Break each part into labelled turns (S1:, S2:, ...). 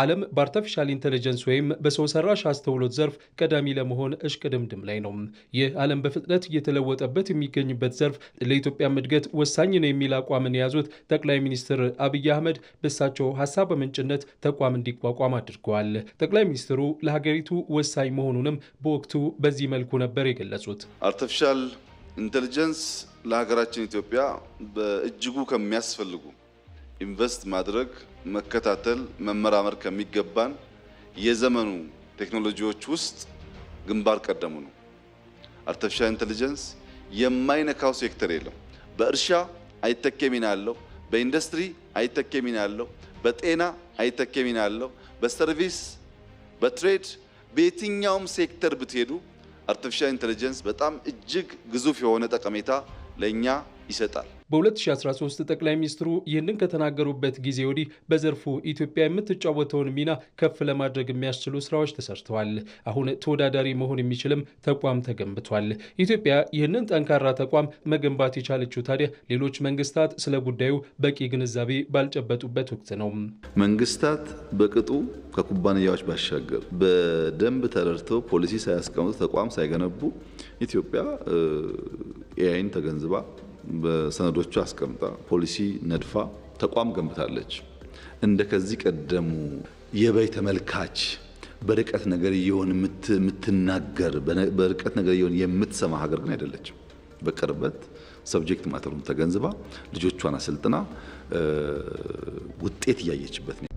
S1: ዓለም በአርተፊሻል ኢንቴሊጀንስ ወይም በሰው ሰራሽ አስተውሎት ዘርፍ ቀዳሚ ለመሆን እሽቅድምድም ላይ ነው። ይህ ዓለም በፍጥነት እየተለወጠበት የሚገኝበት ዘርፍ ለኢትዮጵያም እድገት ወሳኝ ነው የሚል አቋምን የያዙት ጠቅላይ ሚኒስትር አብይ አህመድ በእሳቸው ሀሳብ በምንጭነት ተቋም እንዲቋቋም አድርገዋል። ጠቅላይ ሚኒስትሩ ለሀገሪቱ ወሳኝ መሆኑንም በወቅቱ በዚህ መልኩ ነበር የገለጹት።
S2: አርተፊሻል ኢንቴሊጀንስ ለሀገራችን ኢትዮጵያ በእጅጉ ከሚያስፈልጉ ኢንቨስት ማድረግ፣ መከታተል፣ መመራመር ከሚገባን የዘመኑ ቴክኖሎጂዎች ውስጥ ግንባር ቀደሙ ነው። አርቲፊሻል ኢንተለጀንስ የማይነካው ሴክተር የለም። በእርሻ አይተኬ ሚና አለው። በኢንዱስትሪ አይተኬ ሚና አለው። በጤና አይተኬ ሚና አለው። በሰርቪስ፣ በትሬድ፣ በየትኛውም ሴክተር ብትሄዱ አርቲፊሻል ኢንተለጀንስ በጣም እጅግ ግዙፍ የሆነ ጠቀሜታ ለእኛ ይሰጣል።
S1: በ2013 ጠቅላይ ሚኒስትሩ ይህንን ከተናገሩበት ጊዜ ወዲህ በዘርፉ ኢትዮጵያ የምትጫወተውን ሚና ከፍ ለማድረግ የሚያስችሉ ስራዎች ተሰርተዋል። አሁን ተወዳዳሪ መሆን የሚችልም ተቋም ተገንብቷል። ኢትዮጵያ ይህንን ጠንካራ ተቋም መገንባት የቻለችው ታዲያ ሌሎች መንግስታት ስለ ጉዳዩ በቂ ግንዛቤ ባልጨበጡበት ወቅት ነው።
S2: መንግስታት በቅጡ ከኩባንያዎች ባሻገር በደንብ ተረድተው ፖሊሲ ሳያስቀምጡ ተቋም ሳይገነቡ ኢትዮጵያ ኤአይን ተገንዝባ በሰነዶቹ አስቀምጣ ፖሊሲ ነድፋ ተቋም ገንብታለች። እንደ ከዚህ ቀደሙ የበይ ተመልካች በርቀት ነገር እየሆን የምትናገር በርቀት ነገር እየሆን የምትሰማ ሀገር ግን አይደለችም። በቅርበት ሰብጀክት ማተሩን ተገንዝባ ልጆቿን አሰልጥና ውጤት እያየችበት ነው።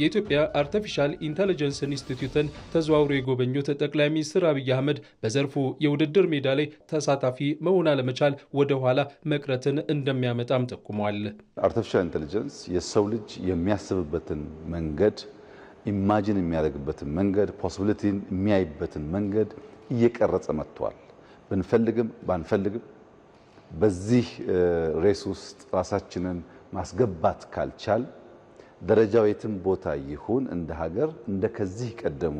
S1: የኢትዮጵያ አርተፊሻል ኢንተለጀንስ ኢንስቲትዩትን ተዘዋውሮ የጎበኙት ጠቅላይ ሚኒስትር አብይ አህመድ በዘርፉ የውድድር ሜዳ ላይ ተሳታፊ መሆን አለመቻል ወደኋላ መቅረትን እንደሚያመጣም ጠቁመዋል።
S2: አርቲፊሻል ኢንተለጀንስ የሰው ልጅ የሚያስብበትን መንገድ ኢማጂን የሚያደርግበትን መንገድ ፖስቢሊቲን የሚያይበትን መንገድ እየቀረጸ መጥቷል። ብንፈልግም ባንፈልግም በዚህ ሬስ ውስጥ ራሳችንን ማስገባት ካልቻል ደረጃው የትም ቦታ ይሁን እንደ ሀገር እንደ ከዚህ ቀደሙ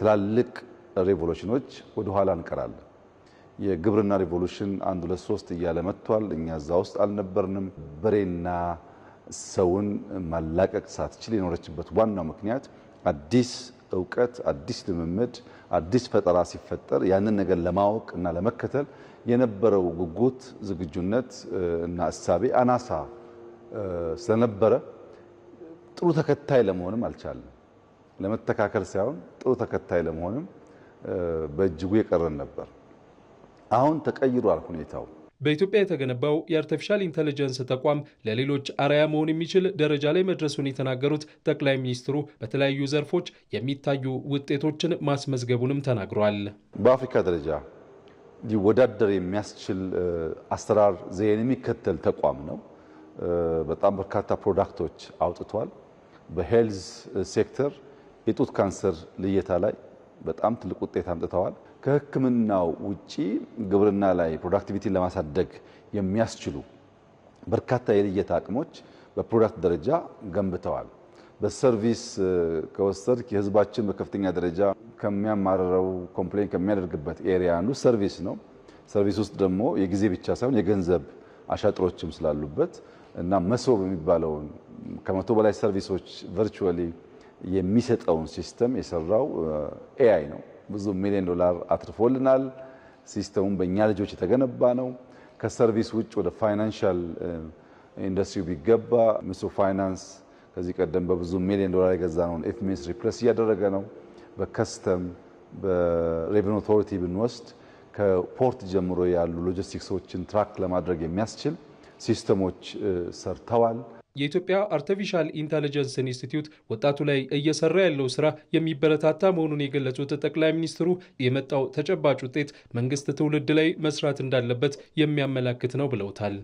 S2: ትላልቅ ሬቮሉሽኖች ወደ ኋላ እንቀራለን። የግብርና ሬቮሉሽን አንድ ሁለት ሶስት እያለ መጥቷል። እኛ እዛ ውስጥ አልነበርንም። በሬና ሰውን ማላቀቅ ሳትችል የኖረችበት ዋናው ምክንያት አዲስ እውቀት፣ አዲስ ልምምድ፣ አዲስ ፈጠራ ሲፈጠር ያንን ነገር ለማወቅ እና ለመከተል የነበረው ጉጉት፣ ዝግጁነት እና እሳቤ አናሳ ስለነበረ ጥሩ ተከታይ ለመሆንም አልቻለም። ለመተካከል ሳይሆን ጥሩ ተከታይ ለመሆንም በእጅጉ የቀረን ነበር። አሁን ተቀይሯል ሁኔታው።
S1: በኢትዮጵያ የተገነባው የአርቲፊሻል ኢንተለጀንስ ተቋም ለሌሎች አርአያ መሆን የሚችል ደረጃ ላይ መድረሱን የተናገሩት ጠቅላይ ሚኒስትሩ በተለያዩ ዘርፎች የሚታዩ ውጤቶችን ማስመዝገቡንም ተናግሯል።
S2: በአፍሪካ ደረጃ ሊወዳደር የሚያስችል አሰራር ዘይቤን የሚከተል ተቋም ነው። በጣም በርካታ ፕሮዳክቶች አውጥቷል። በሄልዝ ሴክተር የጡት ካንሰር ልየታ ላይ በጣም ትልቅ ውጤት አምጥተዋል። ከሕክምናው ውጪ ግብርና ላይ ፕሮዳክቲቪቲን ለማሳደግ የሚያስችሉ በርካታ የልየታ አቅሞች በፕሮዳክት ደረጃ ገንብተዋል። በሰርቪስ ከወሰድ የህዝባችን በከፍተኛ ደረጃ ከሚያማረረው ኮምፕሌን ከሚያደርግበት ኤሪያ አንዱ ሰርቪስ ነው። ሰርቪስ ውስጥ ደግሞ የጊዜ ብቻ ሳይሆን የገንዘብ አሻጥሮችም ስላሉበት እና መስሮ የሚባለውን ከመቶ በላይ ሰርቪሶች ቨርቹዋሊ የሚሰጠውን ሲስተም የሰራው ኤአይ ነው። ብዙ ሚሊዮን ዶላር አትርፎልናል። ሲስተሙም በእኛ ልጆች የተገነባ ነው። ከሰርቪስ ውጭ ወደ ፋይናንሻል ኢንዱስትሪው ቢገባ ምስ ፋይናንስ ከዚህ ቀደም በብዙ ሚሊዮን ዶላር የገዛነውን ኤፍኤምኤስ ሪፕለስ እያደረገ ነው። በከስተም በሬቨኒ ኦቶሪቲ ብንወስድ ከፖርት ጀምሮ ያሉ ሎጂስቲክሶችን ትራክ ለማድረግ የሚያስችል ሲስተሞች ሰርተዋል።
S1: የኢትዮጵያ አርቲፊሻል ኢንተለጀንስ ኢንስቲትዩት ወጣቱ ላይ እየሰራ ያለው ስራ የሚበረታታ መሆኑን የገለጹት ጠቅላይ ሚኒስትሩ የመጣው ተጨባጭ ውጤት መንግስት ትውልድ ላይ መስራት እንዳለበት የሚያመላክት ነው ብለውታል።